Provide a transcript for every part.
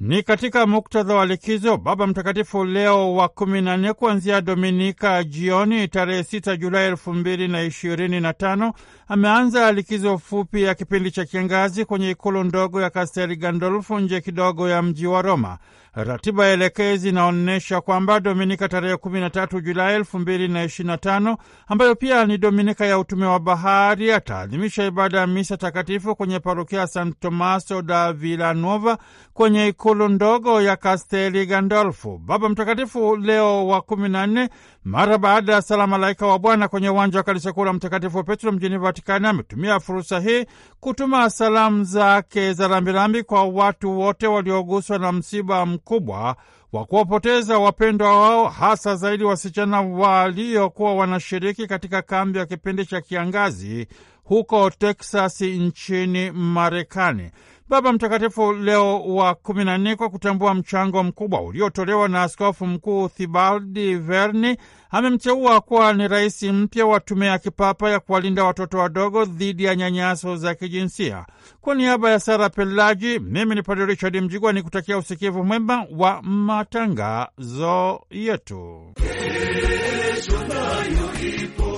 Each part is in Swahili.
Ni katika muktadha wa likizo, Baba Mtakatifu Leo wa kumi na nne kuanzia Dominika jioni tarehe sita Julai elfu mbili na ishirini na tano ameanza likizo fupi ya kipindi cha kiangazi kwenye ikulu ndogo ya Kasteli Gandolfu nje kidogo ya mji wa Roma. Ratiba ya elekezi inaonyesha kwamba Dominika tarehe kumi na tatu Julai elfu mbili na na tano ambayo pia ni Dominika ya utume wa bahari ataadhimisha ibada ya misa takatifu kwenye parokia San Tomaso da Villanova kwenye ikulu ikulu ndogo ya Kasteli Gandolfu. Baba Mtakatifu Leo wa kumi na nne, mara baada ya sala malaika wa Bwana kwenye uwanja wa kanisa kuu la Mtakatifu Petro mjini Vatikani, ametumia fursa hii kutuma salamu zake za rambirambi kwa watu wote walioguswa na msiba mkubwa wa kuwapoteza wapendwa wao, hasa zaidi wasichana waliokuwa wanashiriki katika kambi ya kipindi cha kiangazi huko Texas nchini Marekani. Baba Mtakatifu Leo wa kumi na nne, kwa kutambua mchango mkubwa uliotolewa na Askofu Mkuu Thibaldi Verni, amemteua kuwa ni rais mpya wa tume ya kipapa ya kuwalinda watoto wadogo dhidi ya nyanyaso za kijinsia. Kwa niaba ya Sara Pelaji, mimi ni Padre Richard Mjigwa ni kutakia usikivu mwema wa matangazo yetu. Kesho nayo ipo.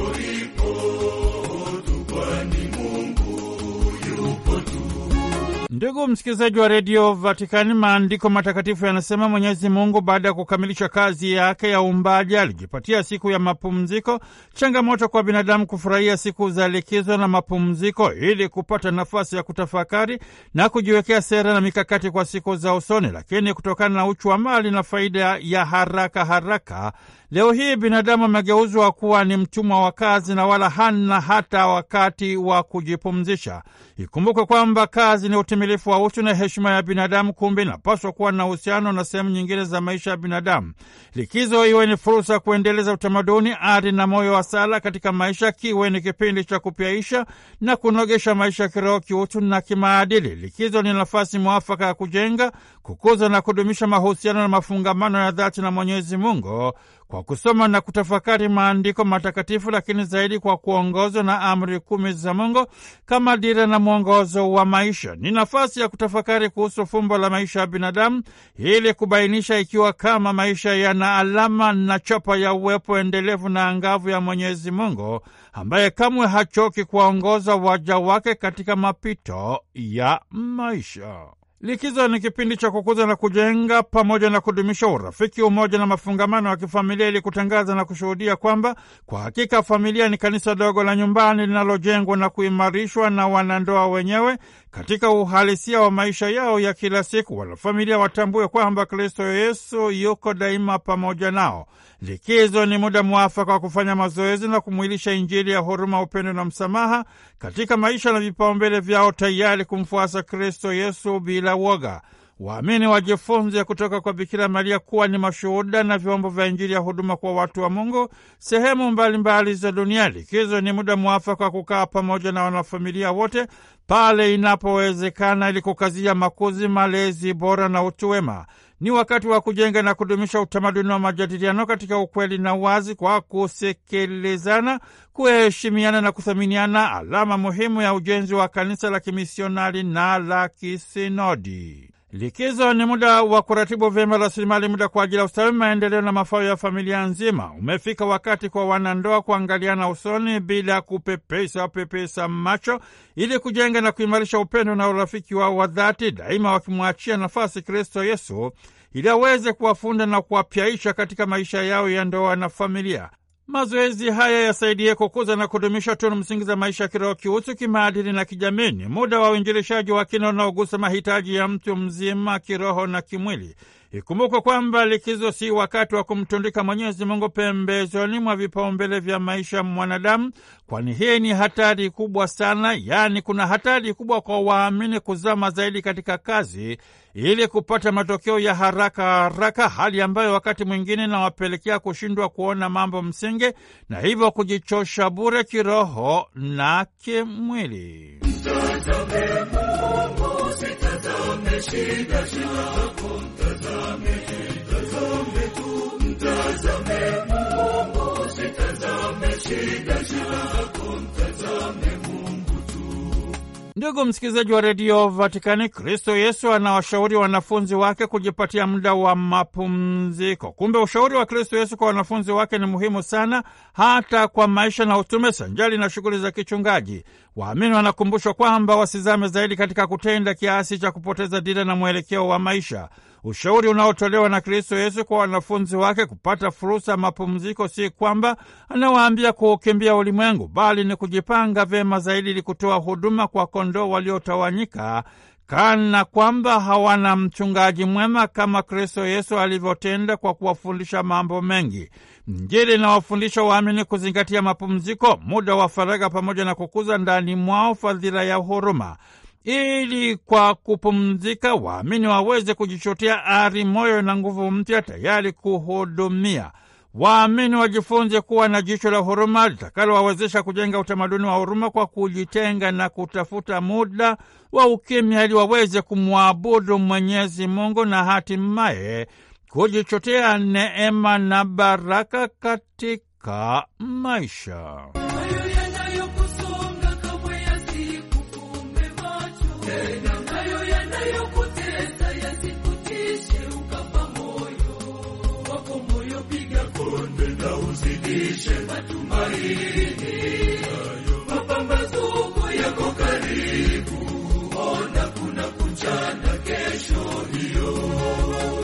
Ndugu msikilizaji wa redio Vatikani, maandiko matakatifu yanasema Mwenyezi Mungu baada ya kukamilisha kazi yake ya uumbaji alijipatia siku ya mapumziko, changamoto kwa binadamu kufurahia siku za likizo na mapumziko ili kupata nafasi ya kutafakari na kujiwekea sera na mikakati kwa siku za usoni. Lakini kutokana na uchu wa mali na faida ya haraka haraka Leo hii binadamu amegeuzwa kuwa ni mtumwa wa kazi na wala hana hata wakati wa kujipumzisha. Ikumbukwe kwamba kazi ni utimilifu wa utu na heshima ya binadamu, kumbe inapaswa kuwa na uhusiano na sehemu nyingine za maisha ya binadamu. Likizo iwe ni fursa ya kuendeleza utamaduni, ari na moyo wa sala katika maisha, kiwe ni kipindi cha kupyaisha na kunogesha maisha ya kiroho, kiutu na kimaadili. Likizo ni nafasi mwafaka ya kujenga, kukuza na kudumisha mahusiano na mafungamano ya dhati na Mwenyezi Mungu kwa kusoma na kutafakari maandiko matakatifu, lakini zaidi kwa kuongozwa na amri kumi za Mungu kama dira na mwongozo wa maisha. Ni nafasi ya kutafakari kuhusu fumbo la maisha ya binadamu ili kubainisha ikiwa kama maisha yana alama na chapa ya uwepo endelevu na angavu ya Mwenyezi Mungu ambaye kamwe hachoki kuwaongoza waja wake katika mapito ya maisha. Likizo ni kipindi cha kukuza na kujenga pamoja na kudumisha urafiki, umoja na mafungamano ya kifamilia ili kutangaza na kushuhudia kwamba kwa hakika familia ni kanisa dogo la nyumbani linalojengwa na kuimarishwa na wanandoa wenyewe katika uhalisia wa maisha yao ya kila siku, wanafamilia watambue kwamba Kristo Yesu yuko daima pamoja nao. Likizo ni muda mwafaka wa kufanya mazoezi na kumwilisha Injili ya huruma, upendo na msamaha katika maisha na vipaumbele vyao, tayari kumfuasa Kristo Yesu bila woga. Waamini wajifunze kutoka kwa Bikira Maria kuwa ni mashuhuda na vyombo vya Injili ya huduma kwa watu wa Mungu sehemu mbalimbali za dunia. Likizo ni muda mwafaka wa kukaa pamoja na wanafamilia wote pale inapowezekana, ili kukazia makuzi, malezi bora na utu wema. Ni wakati wa kujenga na kudumisha utamaduni wa majadiliano katika ukweli na uwazi, kwa kusekelezana, kuheshimiana na kuthaminiana, alama muhimu ya ujenzi wa kanisa la kimisionari na la kisinodi. Likizo ni muda wa kuratibu vyema rasilimali muda kwa ajili ya ustawi, maendeleo na mafao ya familia nzima. Umefika wakati kwa wanandoa kuangaliana usoni bila kupepesa pepesa macho, ili kujenga na kuimarisha upendo na urafiki wao wa dhati, daima wakimwachia nafasi Kristo Yesu ili aweze kuwafunda na kuwapyaisha katika maisha yao ya ndoa na familia. Mazoezi haya yasaidie kukuza na kudumisha tunu msingi za maisha ya kiroho, kiutu, kimaadili na kijamii. Ni muda wa uinjilishaji wa kina unaogusa mahitaji ya mtu mzima kiroho na kimwili. Ikumbukwe kwamba likizo si wakati wa kumtundika Mwenyezi Mungu pembezoni mwa vipaumbele vya maisha mwanadamu, kwani hii ni hatari kubwa sana. Yaani, kuna hatari kubwa kwa waamini kuzama zaidi katika kazi ili kupata matokeo ya haraka haraka, hali ambayo wakati mwingine inawapelekea kushindwa kuona mambo msingi na hivyo kujichosha bure kiroho na kimwili. Mtazame Mungu, usitazame shida zako, mtazame Ndugu msikilizaji wa redio Vatikani, Kristo Yesu anawashauri wanafunzi wake kujipatia muda wa mapumziko. Kumbe ushauri wa Kristo Yesu kwa wanafunzi wake ni muhimu sana, hata kwa maisha na utume, sanjali na shughuli za kichungaji. Waamini wanakumbushwa kwamba wasizame zaidi katika kutenda kiasi cha kupoteza dira na mwelekeo wa maisha. Ushauri unaotolewa na Kristo Yesu kwa wanafunzi wake kupata fursa ya mapumziko si kwamba anawaambia kuukimbia ulimwengu, bali ni kujipanga vyema zaidi ili kutoa huduma kwa kondoo waliotawanyika, kana kwamba hawana mchungaji mwema, kama Kristo Yesu alivyotenda kwa kuwafundisha mambo mengi. Injili inawafundisha waamini kuzingatia mapumziko, muda wa faragha, pamoja na kukuza ndani mwao fadhila ya huruma ili kwa kupumzika waamini waweze kujichotea ari, moyo na nguvu mpya, tayari kuhudumia waamini wajifunze kuwa na jicho la huruma litakalowawezesha kujenga utamaduni wa huruma kwa kujitenga na kutafuta muda wa ukimya ili waweze kumwabudu Mwenyezi Mungu na hatimaye kujichotea neema na baraka katika maisha.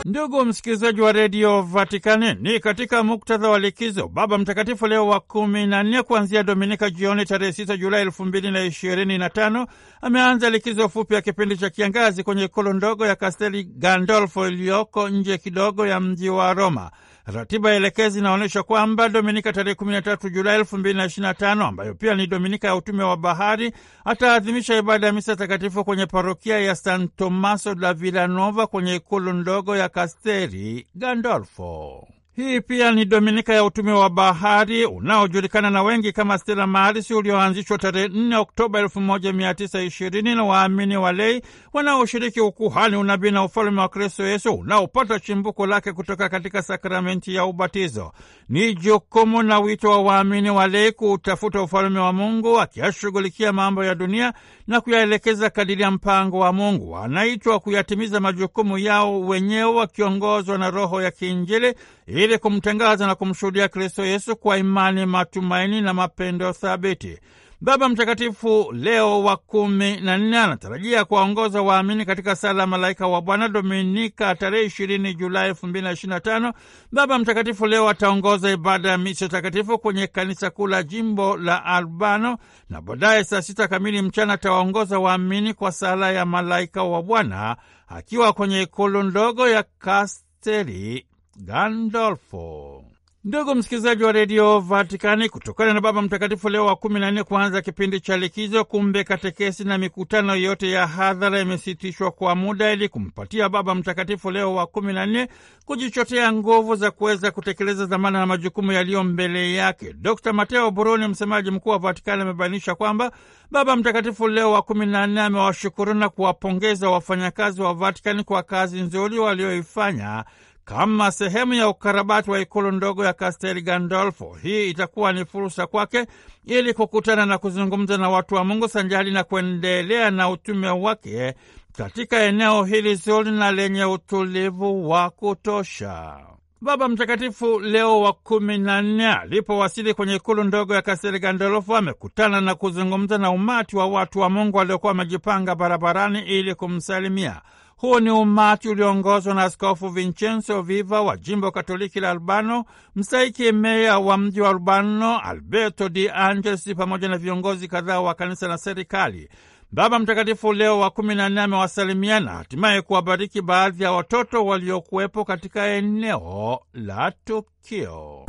Ndugu msikilizaji wa redio Vatikani, ni katika muktadha wa likizo, Baba Mtakatifu Leo wa kumi na nne kuanzia Dominika jioni tarehe sita Julai elfu mbili na ishirini na tano ameanza likizo fupi ya kipindi cha kiangazi kwenye ikulu ndogo ya Kasteli Gandolfo iliyoko nje kidogo ya mji wa Roma. Ratiba elekezi inaonyesha kwamba Dominika tarehe 13 Julai 2025, ambayo pia ni Dominika ya utume wa bahari, ataadhimisha ibada ya misa takatifu kwenye parokia ya San Tomaso da Villanova kwenye ikulu ndogo ya Kasteri Gandolfo. Hii pia ni dominika ya utume wa bahari unaojulikana na wengi kama Stella Maris, ulioanzishwa tarehe 4 Oktoba 1920 na waamini walei wanaoshiriki ukuhani, unabii na ufalume wa Kristo Yesu unaopata chimbuko lake kutoka katika sakramenti ya ubatizo. Ni jukumu na wito wa waamini walei kuutafuta ufalume wa Mungu, akiyashughulikia mambo ya dunia na kuyaelekeza kadiri ya mpango wa Mungu. Wanaitwa kuyatimiza majukumu yao wenyewe wakiongozwa na Roho ya kiinjili ili kumtangaza na kumshuhudia Kristo Yesu kwa imani, matumaini na mapendo thabiti. Baba Mtakatifu Leo wa kumi na nne anatarajia kuwaongoza waamini katika sala ya malaika wa Bwana Dominika tarehe ishirini Julai elfu mbili na ishirini na tano. Baba Mtakatifu Leo ataongoza ibada ya misa takatifu kwenye kanisa kuu la jimbo la Albano na baadaye saa sita kamili mchana atawaongoza waamini kwa sala ya malaika wa Bwana akiwa kwenye ikulu ndogo ya kasteli Gandolfo. Ndugu msikilizaji wa redio Vatikani, kutokana na Baba Mtakatifu Leo wa kumi na nne kuanza kipindi cha likizo, kumbe katekesi na mikutano yote ya hadhara imesitishwa kwa muda ili kumpatia Baba Mtakatifu Leo wa kumi na nne kujichotea nguvu za kuweza kutekeleza dhamana na majukumu yaliyo mbele yake. Dr Mateo Buroni, msemaji mkuu wa Vatikani, amebainisha kwamba Baba Mtakatifu Leo wa kumi na nne amewashukuru na kuwapongeza wafanyakazi wa Vatikani kwa kazi nzuri walioifanya kama sehemu ya ukarabati wa ikulu ndogo ya Castel Gandolfo. Hii itakuwa ni fursa kwake ili kukutana na kuzungumza na watu wa Mungu sanjali na kuendelea na utume wake katika eneo hili zuri na lenye utulivu wa kutosha. Baba Mtakatifu Leo wa kumi na nne alipowasili kwenye ikulu ndogo ya Kaseri Gandolfo amekutana na kuzungumza na umati wa watu wa Mungu waliokuwa wamejipanga barabarani ili kumsalimia. Huu ni umati uliongozwa na Askofu Vincenzo Viva wa jimbo Katoliki la Albano, msaiki meya wa mji wa Albano Alberto Di Angelis, pamoja na viongozi kadhaa wa kanisa na serikali. Baba Mtakatifu Leo wa kumi na nne amewasalimiana hatimaye kuwabariki baadhi ya watoto waliokuwepo katika eneo la tukio.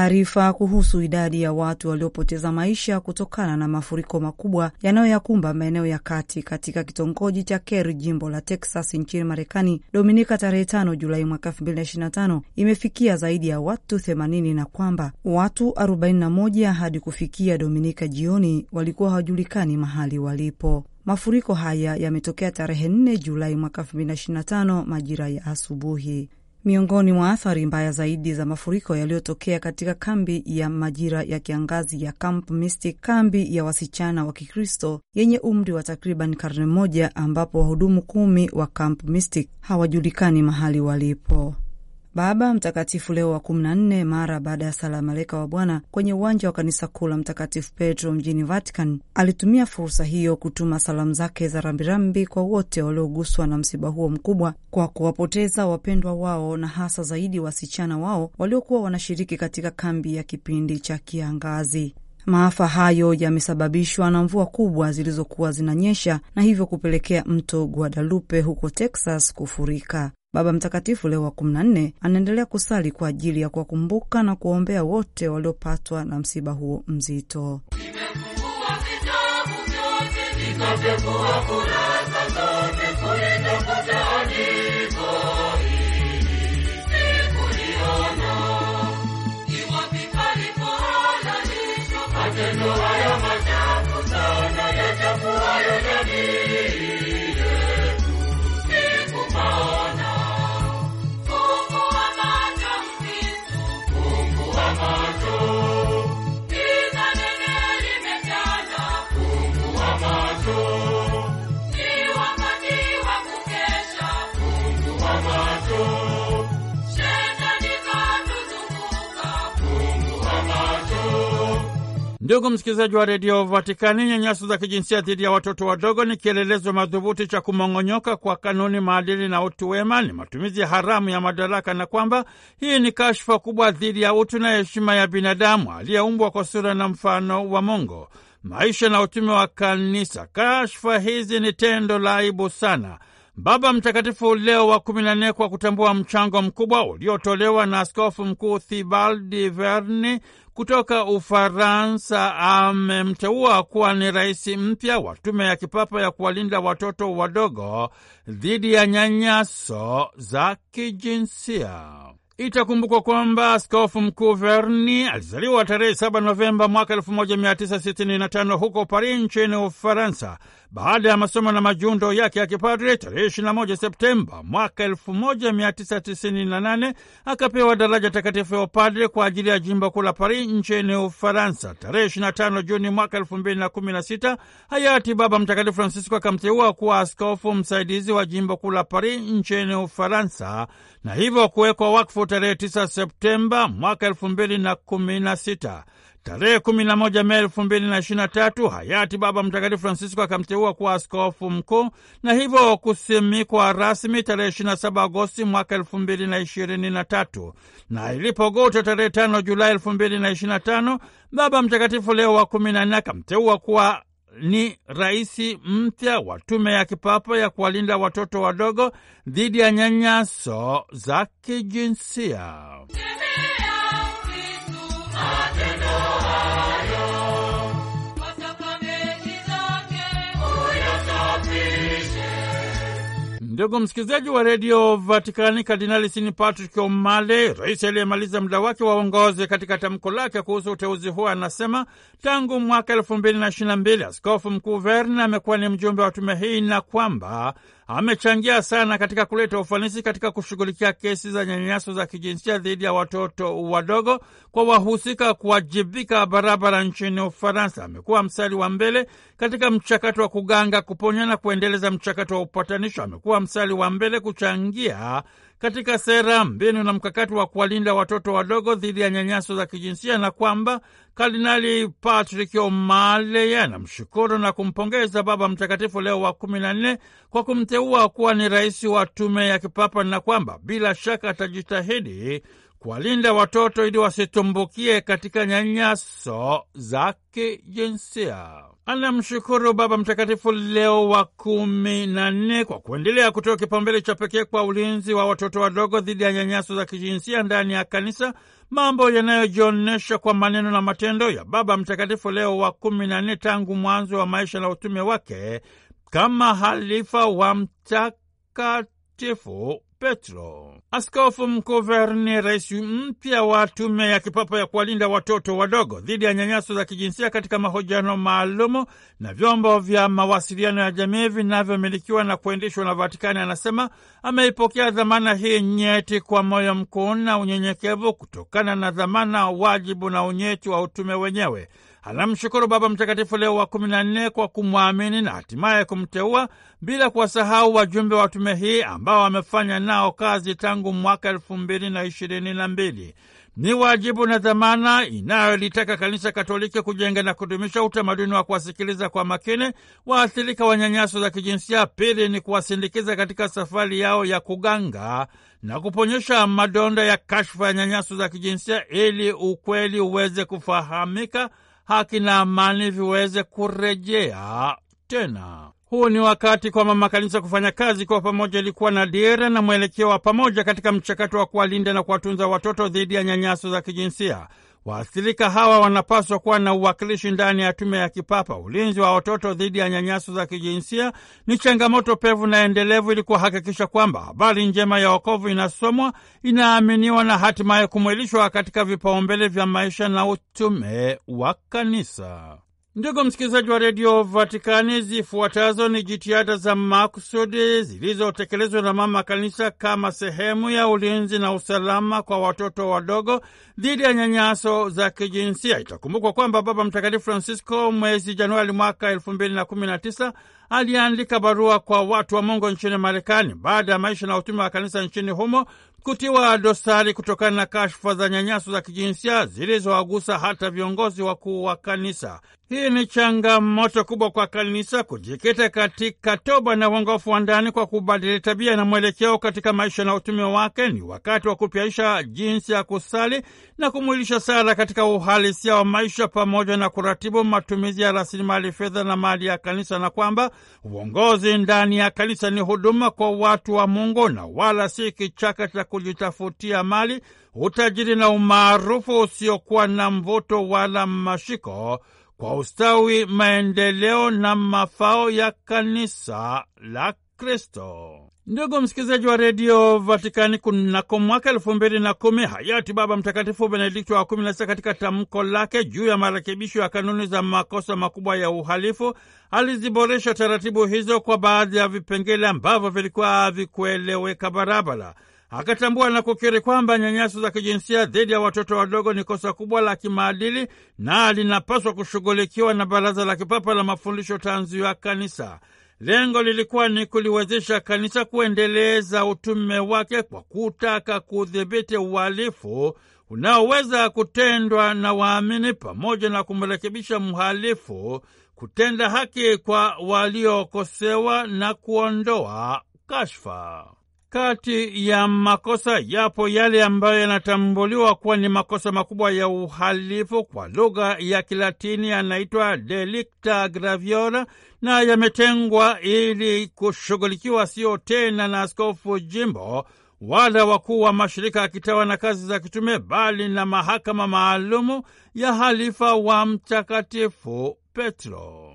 Taarifa kuhusu idadi ya watu waliopoteza maisha kutokana na mafuriko makubwa yanayoyakumba maeneo ya kati katika kitongoji cha Kerry, jimbo la Texas nchini Marekani, Dominika tarehe 5 Julai mwaka 2025 imefikia zaidi ya watu 80 na kwamba watu 41 hadi kufikia Dominika jioni walikuwa hawajulikani mahali walipo. Mafuriko haya yametokea tarehe 4 Julai mwaka 2025 majira ya asubuhi. Miongoni mwa athari mbaya zaidi za mafuriko yaliyotokea katika kambi ya majira ya kiangazi ya Camp Mystic, kambi ya wasichana wa Kikristo yenye umri wa takriban karne moja, ambapo wahudumu kumi wa Camp Mystic hawajulikani mahali walipo. Baba Mtakatifu Leo wa 14 mara baada ya sala ya malaika wa Bwana kwenye uwanja wa kanisa kuu la Mtakatifu Petro mjini Vatican alitumia fursa hiyo kutuma salamu zake za rambirambi kwa wote walioguswa na msiba huo mkubwa kwa kuwapoteza wapendwa wao na hasa zaidi wasichana wao waliokuwa wanashiriki katika kambi ya kipindi cha kiangazi. Maafa hayo yamesababishwa na mvua kubwa zilizokuwa zinanyesha na hivyo kupelekea mto Guadalupe huko Texas kufurika. Baba Mtakatifu Leo wa kumi na nne anaendelea kusali kwa ajili ya kuwakumbuka na kuwaombea wote waliopatwa na msiba huo mzito. Ndugu msikilizaji wa redio Vatikani, nyanyaso za kijinsia dhidi ya watoto wadogo ni kielelezo madhubuti cha kumong'onyoka kwa kanuni, maadili na utu wema, ni matumizi haramu ya madaraka, na kwamba hii ni kashfa kubwa dhidi ya utu na heshima ya binadamu aliyeumbwa kwa sura na mfano wa Mungu. Maisha na utume wa kanisa. Kashfa hizi ni tendo la aibu sana. Baba Mtakatifu Leo wa kumi na nne, kwa kutambua mchango mkubwa uliotolewa na askofu mkuu Thibaldi Verni kutoka Ufaransa, amemteua kuwa ni rais mpya wa tume ya kipapa ya kuwalinda watoto wadogo dhidi ya nyanyaso za kijinsia. Itakumbukwa kwamba askofu mkuu Verni alizaliwa tarehe 7 Novemba mwaka 1965 huko Paris nchini Ufaransa baada ya masomo na majundo yake ya kipadri, tarehe 21 Septemba mwaka 1998 akapewa daraja takatifu ya upadri kwa ajili ya jimbo kuu la Paris nchini Ufaransa. Tarehe 25 Juni mwaka 2016 hayati Baba Mtakatifu Francisco akamteua kuwa askofu msaidizi wa jimbo kuu la Paris nchini Ufaransa na hivyo kuwekwa wakfu tarehe 9 Septemba mwaka 2016. Tarehe 11 Mei 2023 hayati Baba Mtakatifu Francisco akamteua kuwa askofu mkuu na hivyo kusimikwa rasmi tarehe 27 Agosti mwaka 2023. Na ilipogota tarehe 5 Julai 2025, Baba Mtakatifu Leo wa 14 akamteua kuwa ni rais mpya wa tume ya kipapa ya kuwalinda watoto wadogo dhidi ya nyanyaso za kijinsia. Ndugu msikilizaji wa redio Vatikani, Kardinali Sini Patrick Omale, rais aliyemaliza muda wake wa uongozi, katika tamko lake kuhusu uteuzi huo anasema tangu mwaka elfu mbili na ishirini na mbili askofu mkuu Verna amekuwa ni mjumbe wa tume hii na kwamba amechangia sana katika kuleta ufanisi katika kushughulikia kesi za nyanyaso za kijinsia dhidi ya watoto wadogo kwa wahusika kuwajibika barabara nchini Ufaransa. Amekuwa mstari wa mbele katika mchakato wa kuganga, kuponya na kuendeleza mchakato wa upatanisho. Amekuwa mstari wa mbele kuchangia katika sera, mbinu na mkakati wa kuwalinda watoto wadogo dhidi ya nyanyaso za kijinsia na kwamba Kardinali Patrick O'Malley anamshukuru na kumpongeza Baba Mtakatifu Leo wa kumi na nne kwa kumteua kuwa ni rais wa tume ya kipapa na kwamba bila shaka atajitahidi kuwalinda watoto ili wasitumbukie katika nyanyaso za kijinsia anamshukuru Baba Mtakatifu Leo wa kumi na nne kwa kuendelea kutoa kipaumbele cha pekee kwa ulinzi wa watoto wadogo dhidi ya nyanyaso za kijinsia ndani ya kanisa, mambo yanayojionyesha kwa maneno na matendo ya Baba Mtakatifu Leo wa kumi na nne tangu mwanzo wa maisha na utume wake kama halifa wa Mtakatifu Petro. Askofu mkuu Verni, rais mpya wa tume ya kipapa ya kuwalinda watoto wadogo dhidi ya nyanyaso za kijinsia, katika mahojiano maalumu na vyombo vya mawasiliano ya jamii vinavyomilikiwa na kuendeshwa na Vatikani, anasema ameipokea dhamana hii nyeti kwa moyo mkuu na unyenyekevu, kutokana na dhamana, wajibu na unyeti wa utume wenyewe. Anamshukuru Baba Mtakatifu Leo wa kumi na nne kwa kumwamini na hatimaye kumteua, bila kuwasahau wajumbe wa tume hii ambao wamefanya nao kazi tangu mwaka elfu mbili na ishirini na mbili. Ni wajibu na dhamana inayolitaka Kanisa Katoliki kujenga na kudumisha utamaduni wa kuwasikiliza kwa makini waathirika wa nyanyaso za kijinsia. Pili ni kuwasindikiza katika safari yao ya kuganga na kuponyesha madonda ya kashfa ya nyanyaso za kijinsia ili ukweli uweze kufahamika haki na amani viweze kurejea tena. Huu ni wakati kwa mama kanisa kufanya kazi kwa pamoja, ilikuwa na dira na mwelekeo wa pamoja katika mchakato wa kuwalinda na kuwatunza watoto dhidi ya nyanyaso za kijinsia. Waathirika hawa wanapaswa kuwa na uwakilishi ndani ya tume ya kipapa. Ulinzi wa watoto dhidi ya nyanyaso za kijinsia ni changamoto pevu na endelevu, ili kuhakikisha kwamba habari njema ya wokovu inasomwa, inaaminiwa na hatimaye kumwilishwa katika vipaumbele vya maisha na utume wa Kanisa. Ndugu msikilizaji wa redio Vatikani, zifuatazo ni jitihada za makusudi zilizotekelezwa na mama kanisa kama sehemu ya ulinzi na usalama kwa watoto wadogo dhidi ya nyanyaso za kijinsia. Itakumbukwa kwamba Baba Mtakatifu Francisco mwezi Januari mwaka elfu mbili na kumi na tisa aliandika barua kwa watu wa Mungu nchini Marekani baada ya maisha na utume wa kanisa nchini humo kutiwa dosari kutokana na kashfa za nyanyaso za kijinsia zilizowagusa hata viongozi wakuu wa kanisa. Hii ni changamoto kubwa kwa kanisa kujikita katika toba na uongofu wa ndani kwa kubadili tabia na mwelekeo katika maisha na utume wake. Ni wakati wa kupyaisha jinsi ya kusali na kumwilisha sala katika uhalisia wa maisha, pamoja na kuratibu matumizi ya rasilimali fedha na mali ya kanisa, na kwamba Uongozi ndani ya kanisa ni huduma kwa watu wa Mungu na wala si kichaka cha kujitafutia mali, utajiri na umaarufu usiokuwa na mvuto wala mashiko kwa ustawi, maendeleo na mafao ya kanisa la Kristo. Ndugu msikilizaji wa redio Vatikani, kunako mwaka elfu mbili na kumi hayati Baba Mtakatifu Benedikto wa kumi na sita katika tamko lake juu ya marekebisho ya kanuni za makosa makubwa ya uhalifu aliziboresha taratibu hizo kwa baadhi ya vipengele ambavyo vilikuwa havikueleweka barabara. Akatambua na kukiri kwamba nyanyaso za kijinsia dhidi ya watoto wadogo ni kosa kubwa la kimaadili na linapaswa kushughulikiwa na Baraza la Kipapa la Mafundisho Tanzu ya Kanisa. Lengo lilikuwa ni kuliwezesha kanisa kuendeleza utume wake kwa kutaka kudhibiti uhalifu unaoweza kutendwa na waamini pamoja na kumrekebisha mhalifu, kutenda haki kwa waliokosewa na kuondoa kashfa. Kati ya makosa yapo yale ambayo yanatambuliwa kuwa ni makosa makubwa ya uhalifu, kwa lugha ya Kilatini yanaitwa delicta graviora, na yametengwa ili kushughulikiwa sio tena na askofu jimbo wala wakuu wa mashirika ya kitawa na kazi za kitume, bali na mahakama maalumu ya halifa wa Mtakatifu Petro.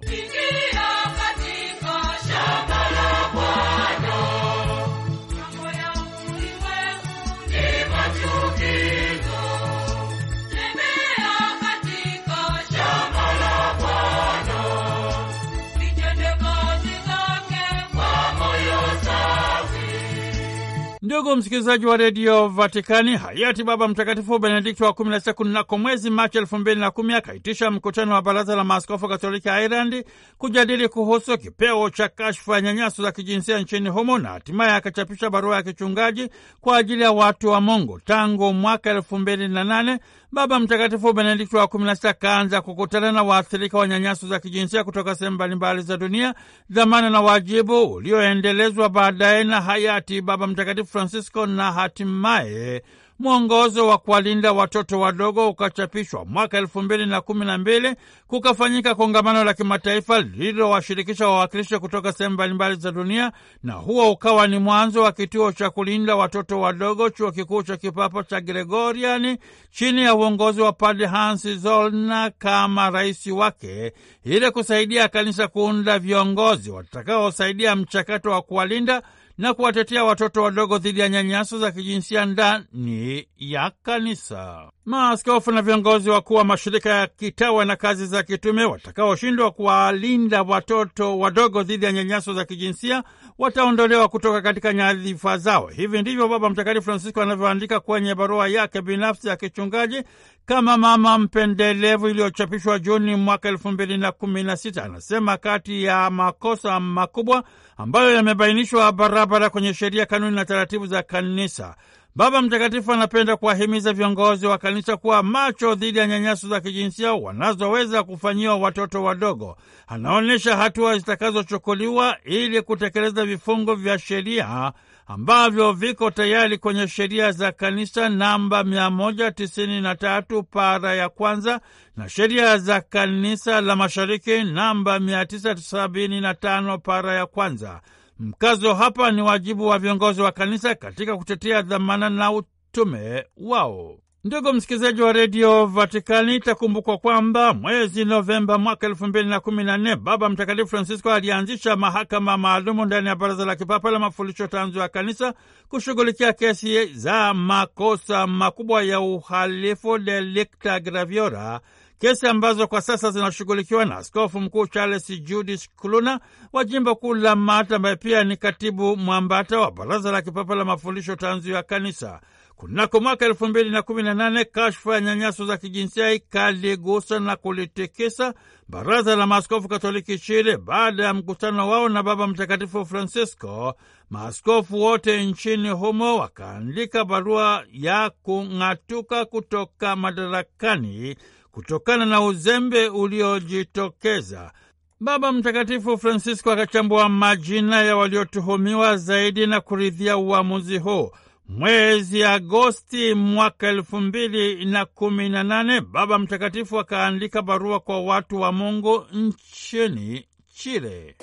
Ndugu msikilizaji wa redio Vatikani, hayati Baba Mtakatifu Benedikto wa 16 kunako mwezi Machi elfu mbili na kumi akaitisha mkutano wa baraza la maaskofu katoliki ireland kujadili kuhusu kipeo cha kashfa ya nyanyaso za kijinsia nchini humo na hatimaye akachapisha barua ya kichungaji kwa ajili ya watu wa Mungu. Tangu mwaka elfu mbili na nane Baba Mtakatifu Benedikto wa kumi na sita kaanza kukutana na waathirika wa nyanyaso za kijinsia kutoka sehemu mbalimbali za dunia, dhamana na wajibu ulioendelezwa baadaye na hayati Baba Mtakatifu Francisco na hatimaye mwongozo wa kuwalinda watoto wadogo ukachapishwa mwaka elfu mbili na kumi na mbili. Kukafanyika kongamano la kimataifa lililowashirikisha wawakilishi kutoka sehemu mbalimbali za dunia, na huo ukawa ni mwanzo wa kituo cha kulinda watoto wadogo chuo kikuu cha kipapa cha Gregoriani chini ya uongozi wa Padre Hans Zollner kama rais wake, ili kusaidia kanisa kuunda viongozi watakaosaidia mchakato wa kuwalinda na kuwatetea watoto wadogo dhidi ya nyanyaso za kijinsia ndani ya kanisa. Maaskofu na viongozi wakuu wa mashirika ya kitawa na kazi za kitume watakaoshindwa kuwalinda watoto wadogo dhidi ya nyanyaso za kijinsia wataondolewa kutoka katika nyadhifa zao. Hivi ndivyo Baba Mtakatifu Francisco anavyoandika kwenye barua yake binafsi ya kichungaji kama mama mpendelevu iliyochapishwa Juni mwaka elfu mbili na kumi na sita. Anasema kati ya makosa makubwa ambayo yamebainishwa barabara kwenye sheria, kanuni na taratibu za kanisa Baba Mtakatifu anapenda kuwahimiza viongozi wa kanisa kuwa macho dhidi ya nyanyaso za kijinsia wanazoweza kufanyiwa watoto wadogo. Anaonyesha hatua zitakazochukuliwa ili kutekeleza vifungu vya sheria ambavyo viko tayari kwenye sheria za kanisa namba 193 para ya kwanza na sheria za kanisa la mashariki namba 975 para ya kwanza. Mkazo hapa ni wajibu wa viongozi wa kanisa katika kutetea dhamana na utume wao. Ndugu msikilizaji wa redio Vatikani, itakumbukwa kwamba mwezi Novemba mwaka elfu mbili na kumi na nne Baba Mtakatifu Francisco alianzisha mahakama maalumu ndani ya Baraza la Kipapa la Mafundisho Tanzu ya Kanisa kushughulikia kesi za makosa makubwa ya uhalifu, delicta graviora kesi ambazo kwa sasa zinashughulikiwa na askofu mkuu Charles Judis Kluna wa jimbo kuu la Mata, ambaye pia ni katibu mwambata wa Baraza la Kipapa la Mafundisho Tanzu ya Kanisa. Kunako mwaka elfu mbili na kumi na nane kashfa ya nyanyaso za kijinsia ikaligusa na kulitikisa baraza la maaskofu katoliki Chile baada ya mkutano wao na Baba Mtakatifu Francisco. Maaskofu wote nchini humo wakaandika barua ya kung'atuka kutoka madarakani kutokana na uzembe uliojitokeza. Baba Mtakatifu Francisco akachambua majina ya waliotuhumiwa zaidi na kuridhia uamuzi huu. Mwezi Agosti mwaka elfu mbili na kumi na nane Baba Mtakatifu akaandika barua kwa watu wa Mungu nchini Chile.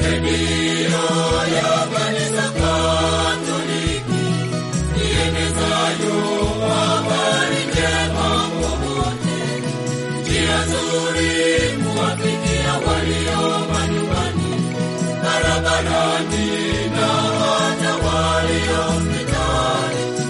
walio manyumbani, barabarani na hata walio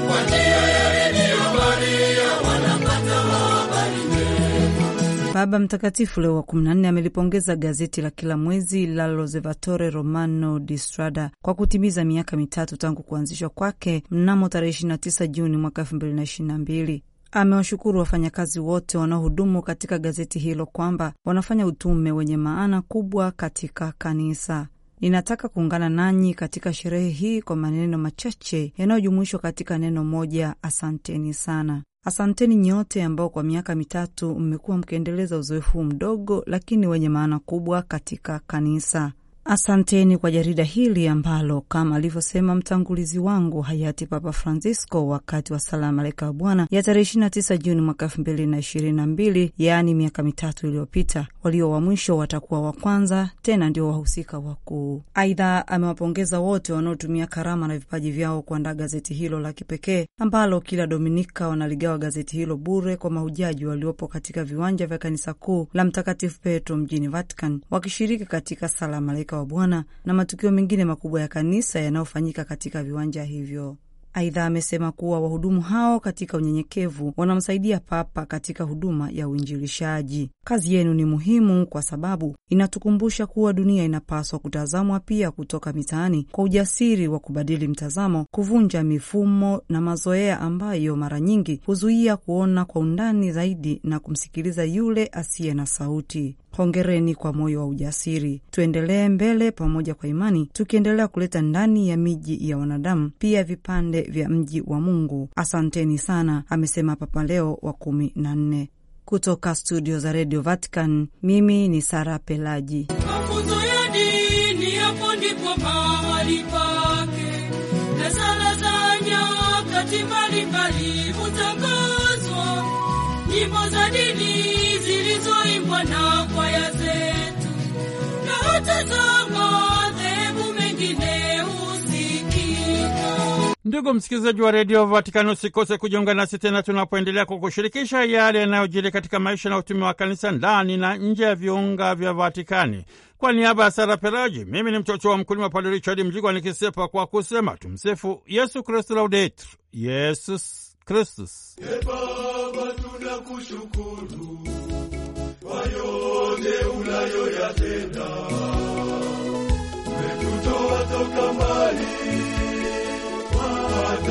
Kwa njia ya Redio Maria wanapata habari njema. Baba Mtakatifu Leo wa 14 amelipongeza gazeti la kila mwezi la L'Osservatore Romano di Strada kwa kutimiza miaka mitatu tangu kuanzishwa kwake mnamo tarehe 29 Juni mwaka 2022. Amewashukuru wafanyakazi wote wanaohudumu katika gazeti hilo kwamba wanafanya utume wenye maana kubwa katika kanisa. Ninataka kuungana nanyi katika sherehe hii kwa maneno machache yanayojumuishwa katika neno moja: asanteni sana. Asanteni nyote ambao kwa miaka mitatu mmekuwa mkiendeleza uzoefu mdogo lakini wenye maana kubwa katika kanisa. Asanteni kwa jarida hili ambalo kama alivyosema mtangulizi wangu hayati Papa Francisco wakati wa sala malaika wa Bwana ya tarehe 29 Juni mwaka 2022, yaani miaka mitatu iliyopita, walio wa mwisho watakuwa wa kwanza, tena ndio wahusika wakuu. Aidha, amewapongeza wote wanaotumia karama na vipaji vyao kuandaa gazeti hilo la kipekee ambalo kila Dominika wanaligawa gazeti hilo bure kwa mahujaji waliopo katika viwanja vya kanisa kuu la Mtakatifu Petro mjini Vatican wakishiriki katika sala malaika malaika wa Bwana na matukio mengine makubwa ya kanisa yanayofanyika katika viwanja hivyo. Aidha, amesema kuwa wahudumu hao katika unyenyekevu wanamsaidia Papa katika huduma ya uinjilishaji. Kazi yenu ni muhimu kwa sababu inatukumbusha kuwa dunia inapaswa kutazamwa pia kutoka mitaani, kwa ujasiri wa kubadili mtazamo, kuvunja mifumo na mazoea ambayo mara nyingi huzuia kuona kwa undani zaidi na kumsikiliza yule asiye na sauti. Hongereni kwa moyo wa ujasiri, tuendelee mbele pamoja kwa imani, tukiendelea kuleta ndani ya miji ya wanadamu pia vipande vya mji wa Mungu. Asanteni sana, amesema Papa Leo wa kumi na nne. Kutoka studio za redio Vatican, mimi ni Sara Pelaji. Ndugu msikilizaji wa redio Vatikani, usikose kujiunga nasi tena tunapoendelea kukushirikisha yale yanayojiri katika maisha na utumi wa kanisa ndani na nje ya viunga vya Vatikani. Kwa niaba ya Sara Peraji, mimi ni mtoto wa mkulima Padre Richard Mjigwa nikisepa kwa kusema tumsifu Yesu Kristu, Laudetur Yesus Kristus. E Baba, tunakushukuru kwa yote unayoyatenda, umetutoa toka mbali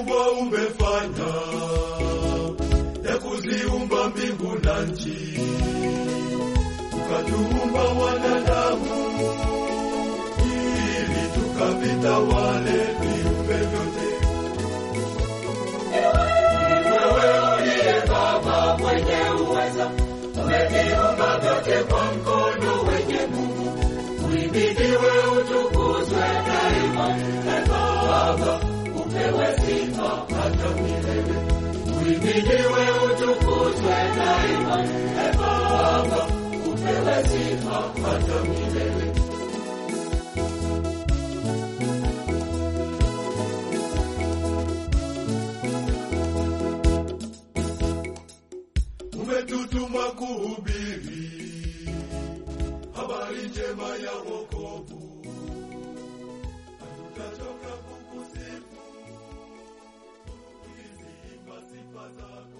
mkubwa umefanya ya kuziumba mbingu na nchi, ukatuumba wanadamu ili tukavita wale viumbe vyote. Ni wewe uliye Baba mwenye uweza, umeviumba vyote kwa mkono wenye nguvu. Uhimidiwe, utukuzwe daima, Baba. upewe sifa hata milele, uhimidiwe utukuzwe daima. E Baba, upewe sifa hata milele. Umetutuma kuhubiri habari njema ya Father.